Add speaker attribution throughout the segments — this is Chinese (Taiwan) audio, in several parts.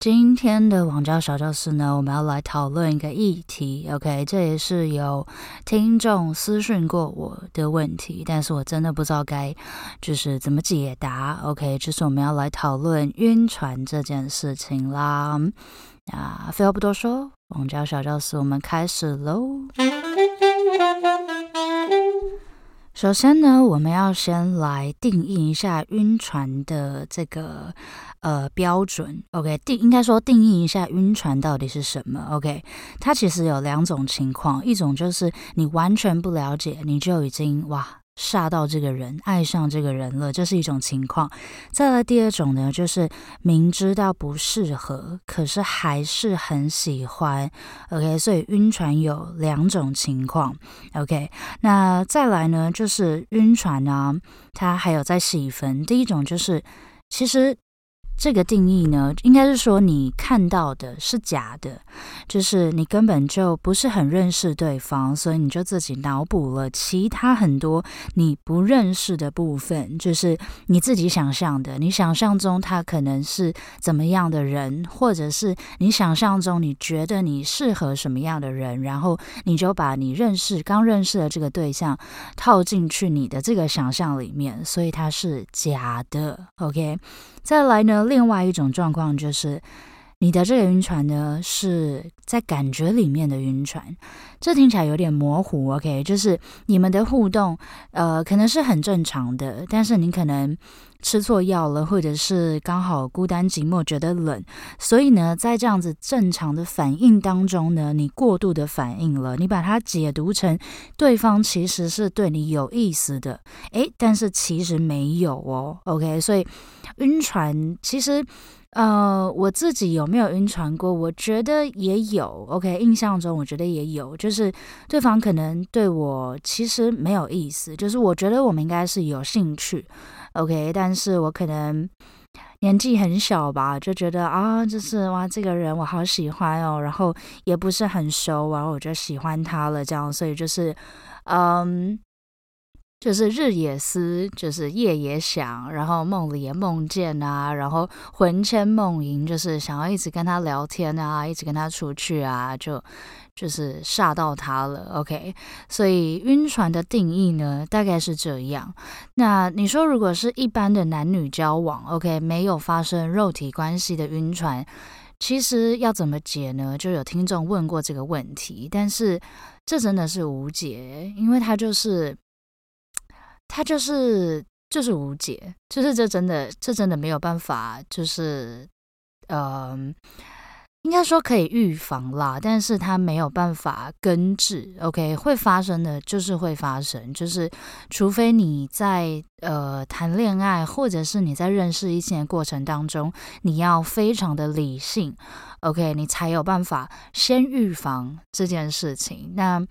Speaker 1: 今天的網交小教室呢，我們要來討論一個議題。OK，這也是有聽眾私訊過我的問題，但是我真的不知道該就是怎麼解答。OK，就是我們要來討論暈船這件事情啦。啊，廢話不多說，網交小教室我們開始嘍。首先呢，我們要先來定義一下暈船的這個呃標準。OK，定應該說定義一下暈船到底是什麼？OK，它其實有兩種情況，一種就是你完全不了解，你就已經哇。殺到這個人愛上這個人了，這是一種情況。再來第二種呢，就是明知道不適合，可是還是很喜歡。OK，所以暈船有兩種情況。OK，那再來呢，就是暈船呢、啊，它還有再細分。第一種就是，其實。這個定義呢，應該是說，你看到的是假的，就是你根本就不是很認識對方，所以你就自己腦補了其他很多你不認識的部分，就是你自己想象的，你想象中他可能是怎麼樣的人，或者是你想象中你覺得你適合什麼樣的人，然後你就把你認識剛認識的這個對象套進去你的這個想象裡面，所以它是假的。OK，再來呢？另外一種狀況就是，你的這個暈船呢，是在感覺裡面的暈船，這聽起來有點模糊，OK？就是你們的互動，呃，可能是很正常的，但是你可能吃錯藥了，或者是剛好孤單寂寞覺得冷，所以呢，在這樣子正常的反應當中呢，你過度的反應了，你把它解讀成對方其實是對你有意思的，誒，但是其實沒有哦，OK？所以暈船其實。呃，我自己有沒有暈船過？我覺得也有。OK，印象中我覺得也有，就是對方可能對我其實沒有意思，就是我覺得我們應該是有興趣。OK，但是我可能年紀很小吧，就覺得啊，就是哇，這個人我好喜歡哦，然後也不是很熟啊，然後我就喜歡他了，這樣，所以就是嗯。就是日也思，就是夜也想，然後夢裡也夢見啊，然後魂牽夢縈，就是想要一直跟他聊天啊，一直跟他出去啊，就就是煞到他了。OK，所以暈船的定義呢，大概是這樣。那你說，如果是一般的男女交往，OK，沒有發生肉體關係的暈船，其實要怎麼解呢？就有聽眾問過這個問題，但是這真的是無解，因為他就是。他就是就是無解，就是這真的這真的沒有辦法，就是，嗯、呃，應該說可以預防啦，但是它沒有辦法根治。OK，會發生的就是會發生，就是除非你在呃談戀愛，或者是你在認識異性的過程當中，你要非常的理性，OK，你才有辦法先預防這件事情。那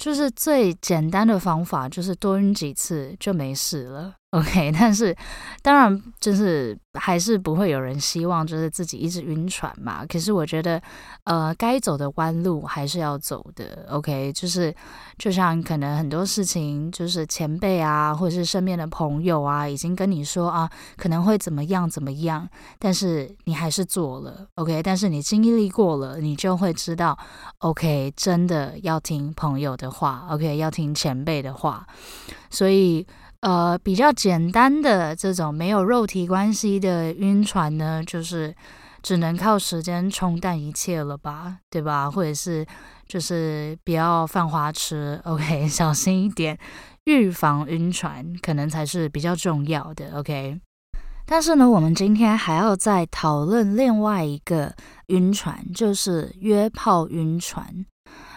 Speaker 1: 就是最簡單的方法，就是多暈幾次就沒事了。OK，但是當然就是還是不會有人希望就是自己一直暈船嘛。可是我覺得，呃，該走的彎路還是要走的。OK，就是就像可能很多事情，就是前輩啊，或者是身邊的朋友啊，已經跟你說啊，可能會怎麼樣怎麼樣，但是你還是做了。OK，但是你經歷過了，你就會知道。OK，真的要聽朋友的話。OK，要聽前輩的話。所以。呃，比較簡單的這種沒有肉體關係的暈船呢，就是只能靠時間沖淡一切了吧，對吧？或者是就是不要犯花痴，OK，小心一點，預防暈船可能才是比較重要的，OK。但是呢，我們今天還要再討論另外一個暈船，就是約炮暈船。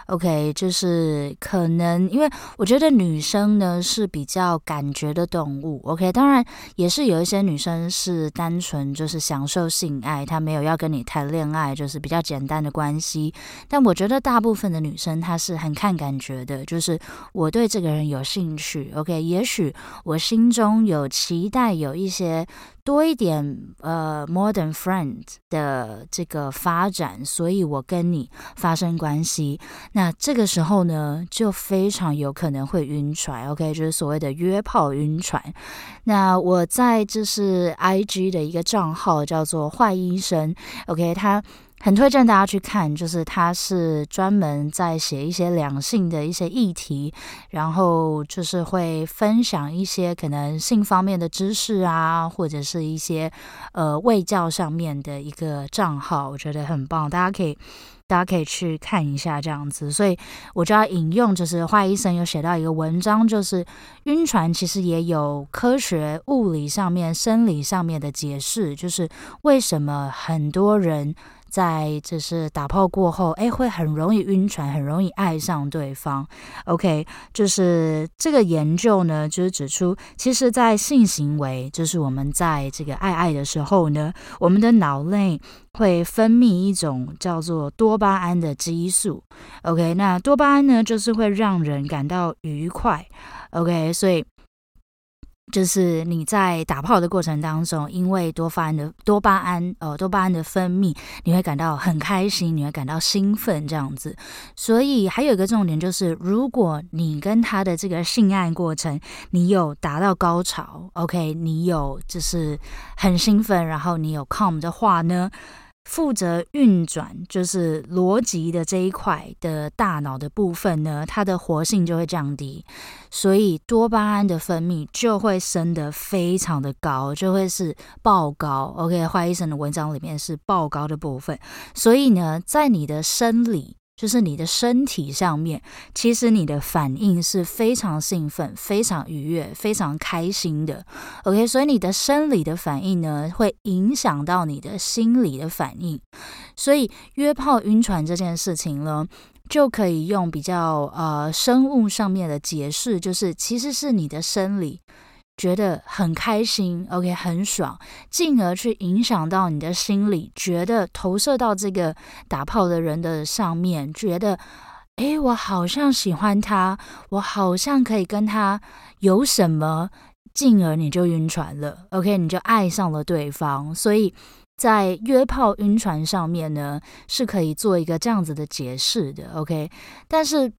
Speaker 1: OK，就是可能，因為我覺得女生呢是比較感覺的動物。OK，當然也是有一些女生是單純就是享受性愛，她沒有要跟你談戀愛，就是比較簡單的關係。但我覺得大部分的女生她是很看感覺的，就是我對這個人有興趣。OK，也許我心中有期待有一些。多一點，呃，modern friend 的這個發展，所以我跟你發生關係，那這個時候呢，就非常有可能會暈船，OK，就是所謂的約炮暈船。那我在這是 IG 的一個賬號，叫做壞醫生，OK，他。很推薦大家去看，就是他是專門在寫一些兩性的一些議題，然後就是會分享一些可能性方面的知識啊，或者是一些呃衛教上面的一個賬號，我覺得很棒，大家可以大家可以去看一下這樣子。所以我就要引用，就是壞醫生有寫到一個文章，就是暈船其實也有科學物理上面、生理上面的解釋，就是為什麼很多人。在就是打炮過後，哎，會很容易暈船，很容易愛上對方。OK，就是這個研究呢，就是指出，其實，在性行為，就是我們在這個愛愛的時候呢，我們的腦內會分泌一種叫做多巴胺的激素。OK，那多巴胺呢，就是會讓人感到愉快。OK，所以。就是你在打炮的過程當中，因為多巴胺的多巴胺，呃，多巴胺的分泌，你會感到很開心，你會感到興奮這樣子。所以還有一個重點就是，如果你跟他的這個性愛過程，你有達到高潮，OK，你有就是很興奮，然後你有 come 的話呢，負責運轉就是邏輯的這一塊的大腦的部分呢，它的活性就會降低，所以多巴胺的分泌就會升得非常的高，就會是爆高。OK，壞醫生的文章裡面是爆高的部分，所以呢，在你的生理。就是你的身體上面，其實你的反應是非常興奮、非常愉悅、非常開心的。OK，所以你的生理的反應呢，會影響到你的心理的反應。所以約炮暈船這件事情呢，就可以用比較呃生物上面的解釋，就是其實是你的生理。覺得很開心，OK，很爽，進而去影響到你的心理，覺得投射到這個打炮的人的上面，覺得，誒，我好像喜歡他，我好像可以跟他有什麼，進而你就暈船了，OK，你就愛上了對方，所以在約炮暈船上面呢，是可以做一個這樣子的解釋的，OK，但是。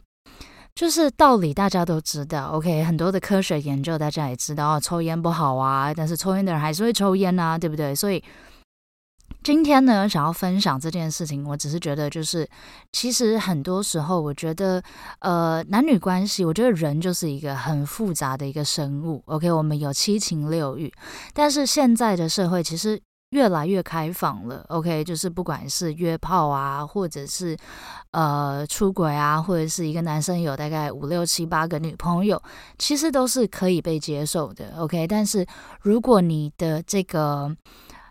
Speaker 1: 就是道理，大家都知道。OK，很多的科學研究，大家也知道，哦，抽煙不好啊。但是抽煙的人還是會抽煙啊，對不對？所以今天呢，想要分享這件事情，我只是覺得，就是其實很多時候，我覺得，呃，男女關係，我覺得人就是一個很複雜的一個生物。OK，我們有七情六欲，但是現在的社會其實。越來越開放了，OK，就是不管是約炮啊，或者是呃出軌啊，或者是一個男生有大概五六七八個女朋友，其實都是可以被接受的，OK。但是如果你的這個，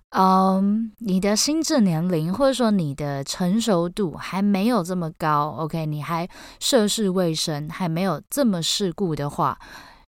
Speaker 1: 嗯、呃，你的心智年齡或者說你的成熟度還沒有這麼高，OK，你還涉世未深，還沒有這麼世故的話。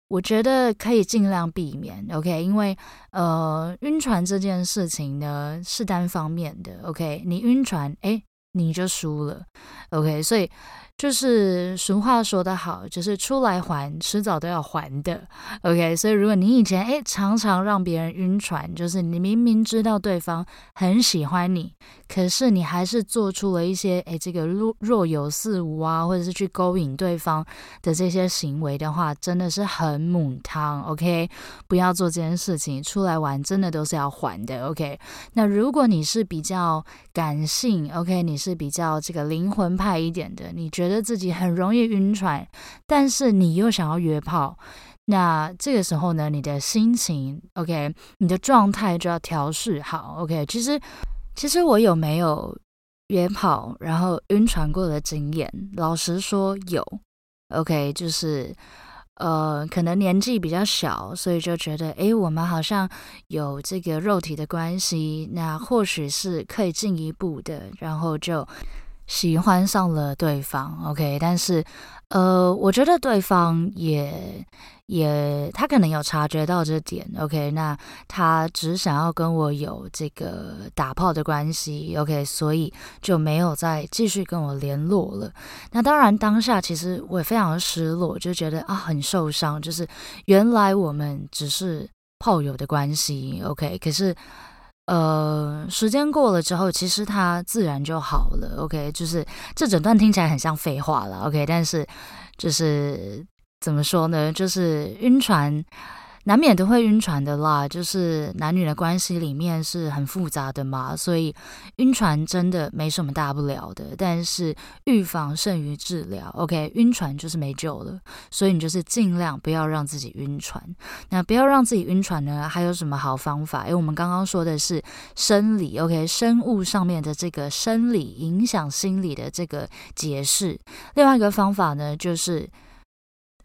Speaker 1: 我覺得可以盡量避免，OK？因為，呃，暈船這件事情呢是單方面的，OK？你暈船，誒，你就輸了，OK？所以。就是俗話說得好，就是出來還遲早都要還的。OK，所以如果你以前哎常常讓別人暈船，就是你明明知道對方很喜歡你，可是你還是做出了一些哎這個若若有似無啊，或者是去勾引對方的這些行為的話，真的是很母湯。OK，不要做這件事情，出來玩真的都是要還的。OK，那如果你是比較感性，OK，你是比較這個靈魂派一點的，你覺得？覺得自己很容易暈船，但是你又想要約炮，那這個時候呢，你的心情 OK，你的狀態就要調試好 OK。其實，其實我有沒有約炮然後暈船過的經驗？老實說有 OK，就是呃，可能年紀比較小，所以就覺得哎，我們好像有這個肉體的關係，那或許是可以進一步的，然後就。喜歡上了對方，OK，但是，呃，我覺得對方也也他可能有察覺到這點，OK，那他只想要跟我有這個打炮的關係，OK，所以就沒有再繼續跟我聯絡了。那當然，當下其實我也非常的失落，就覺得啊，很受傷，就是原來我們只是炮友的關係，OK，可是。呃，時間過了之後，其實它自然就好了。OK，就是這整段聽起來很像廢話啦。OK，但是就是怎麼說呢？就是暈船。難免都會暈船的啦，就是男女的關係裡面是很複雜的嘛，所以暈船真的沒什麼大不了的，但是預防勝於治療。OK，暈船就是沒救了，所以你就是盡量不要讓自己暈船。那不要讓自己暈船呢，還有什麼好方法？因為我們剛剛說的是生理，OK，生物上面的這個生理影響心理的這個解釋。另外一個方法呢，就是。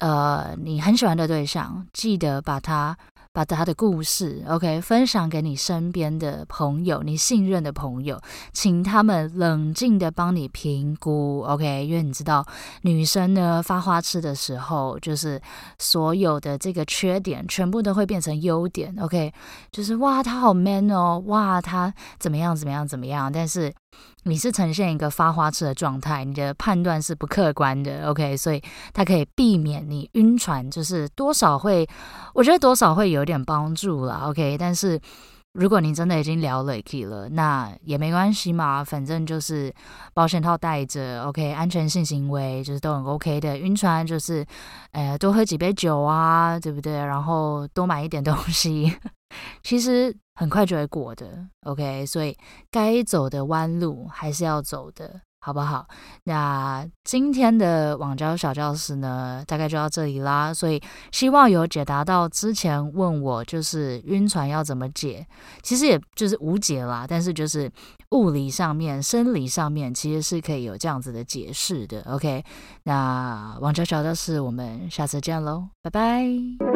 Speaker 1: 呃，你很喜歡的對象，記得把他把他的故事，OK，分享給你身邊的朋友，你信任的朋友，請他們冷靜的幫你評估，OK，因為你知道，女生呢，發花痴的時候，就是所有的這個缺點全部都會變成優點，OK，就是哇，他好 man 哦，哇，他怎麼樣怎麼樣怎麼樣，但是。你是呈現一個發花痴的狀態，你的判斷是不客觀的，OK？所以它可以避免你暈船，就是多少會，我覺得多少會有點幫助啦，OK？但是如果你真的已經聊了 u c 了，那也沒關係嘛，反正就是保險套帶着，OK？安全性行為就是都很 OK 的，暈船就是，呃多喝幾杯酒啊，對不對？然後多買一點東西， 其實。很快就會過的，OK，所以該走的彎路還是要走的，好不好？那今天的網交小教室呢，大概就到這裡啦。所以希望有解答到之前問我就是暈船要怎麼解，其實也就是無解啦。但是就是物理上面，生理上面其實是可以有這樣子的解釋的，OK。那網交小教室我們下次見嘍，拜拜。